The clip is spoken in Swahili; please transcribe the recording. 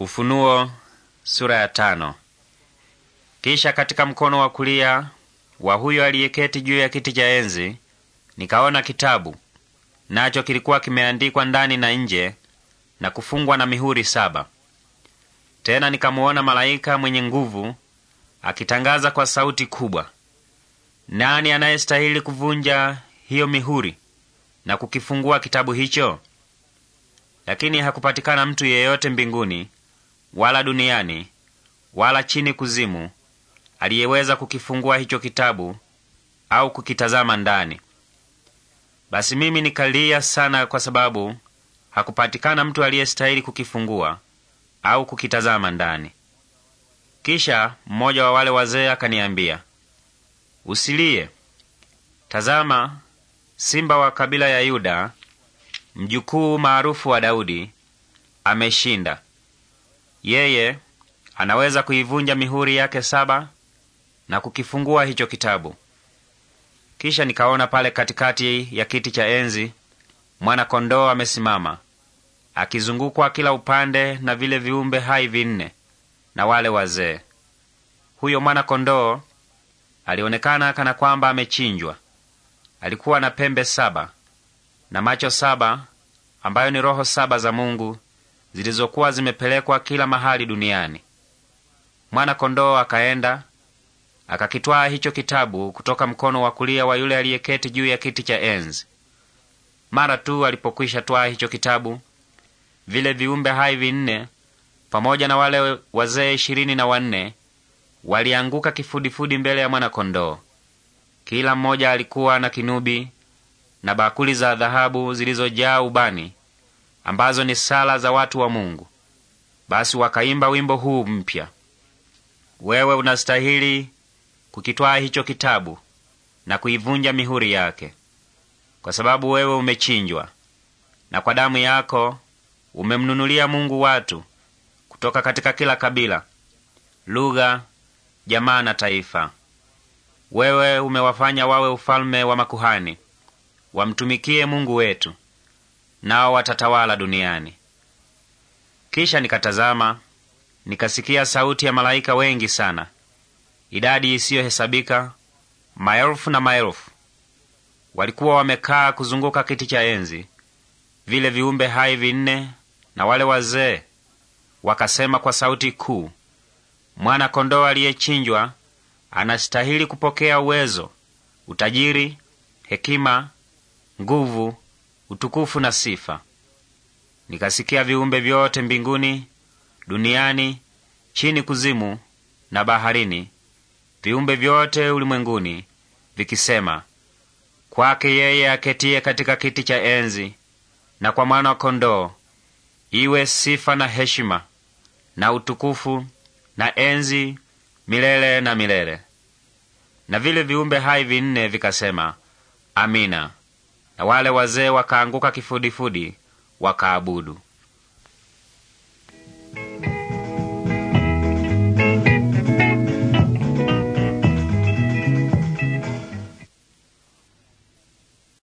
Ufunuo sura ya tano. Kisha katika mkono wa kulia wa huyo aliyeketi juu ya kiti cha enzi nikaona kitabu, nacho kilikuwa kimeandikwa ndani na nje na kufungwa na mihuri saba. Tena nikamuona malaika mwenye nguvu akitangaza kwa sauti kubwa, nani anayestahili kuvunja hiyo mihuri na kukifungua kitabu hicho? Lakini hakupatikana mtu yeyote mbinguni wala duniani wala chini kuzimu aliyeweza kukifungua hicho kitabu au kukitazama ndani. Basi mimi nikalia sana, kwa sababu hakupatikana mtu aliyestahili kukifungua au kukitazama ndani. Kisha mmoja wa wale wazee akaniambia, usilie. Tazama, simba wa kabila ya Yuda, mjukuu maarufu wa Daudi, ameshinda yeye anaweza kuivunja mihuri yake saba na kukifungua hicho kitabu. Kisha nikaona pale katikati ya kiti cha enzi mwana-kondoo amesimama akizungukwa kila upande na vile viumbe hai vinne na wale wazee. Huyo mwana-kondoo alionekana kana kwamba amechinjwa. Alikuwa na pembe saba na macho saba ambayo ni roho saba za Mungu zilizokuwa zimepelekwa kila mahali duniani. Mwana-kondoo akaenda akakitwaa hicho kitabu kutoka mkono wa kulia wa yule aliyeketi juu ya kiti cha enzi. Mara tu alipokwisha twaa hicho kitabu, vile viumbe hai vinne pamoja na wale wazee ishirini na wanne walianguka kifudifudi mbele ya mwana-kondoo. Kila mmoja alikuwa na kinubi na bakuli za dhahabu zilizojaa ubani ambazo ni sala za watu wa Mungu. Basi wakaimba wimbo huu mpya: wewe unastahili kukitwaa hicho kitabu na kuivunja mihuri yake, kwa sababu wewe umechinjwa, na kwa damu yako umemnunulia Mungu watu kutoka katika kila kabila, lugha, jamaa na taifa. Wewe umewafanya wawe ufalme wa makuhani, wamtumikie Mungu wetu nao watatawala duniani. Kisha nikatazama, nikasikia sauti ya malaika wengi sana, idadi isiyohesabika, maelfu na maelfu. Walikuwa wamekaa kuzunguka kiti cha enzi, vile viumbe hai vinne na wale wazee. Wakasema kwa sauti kuu, mwana kondoo aliyechinjwa anastahili kupokea uwezo, utajiri, hekima, nguvu utukufu na sifa. Nikasikia viumbe vyote mbinguni, duniani, chini kuzimu na baharini, viumbe vyote ulimwenguni vikisema, kwake yeye aketiye katika kiti cha enzi na kwa mwana wa kondoo iwe sifa na heshima na utukufu na enzi milele na milele. Na vile viumbe hai vinne vikasema, Amina na wale wazee wakaanguka kifudifudi wakaabudu.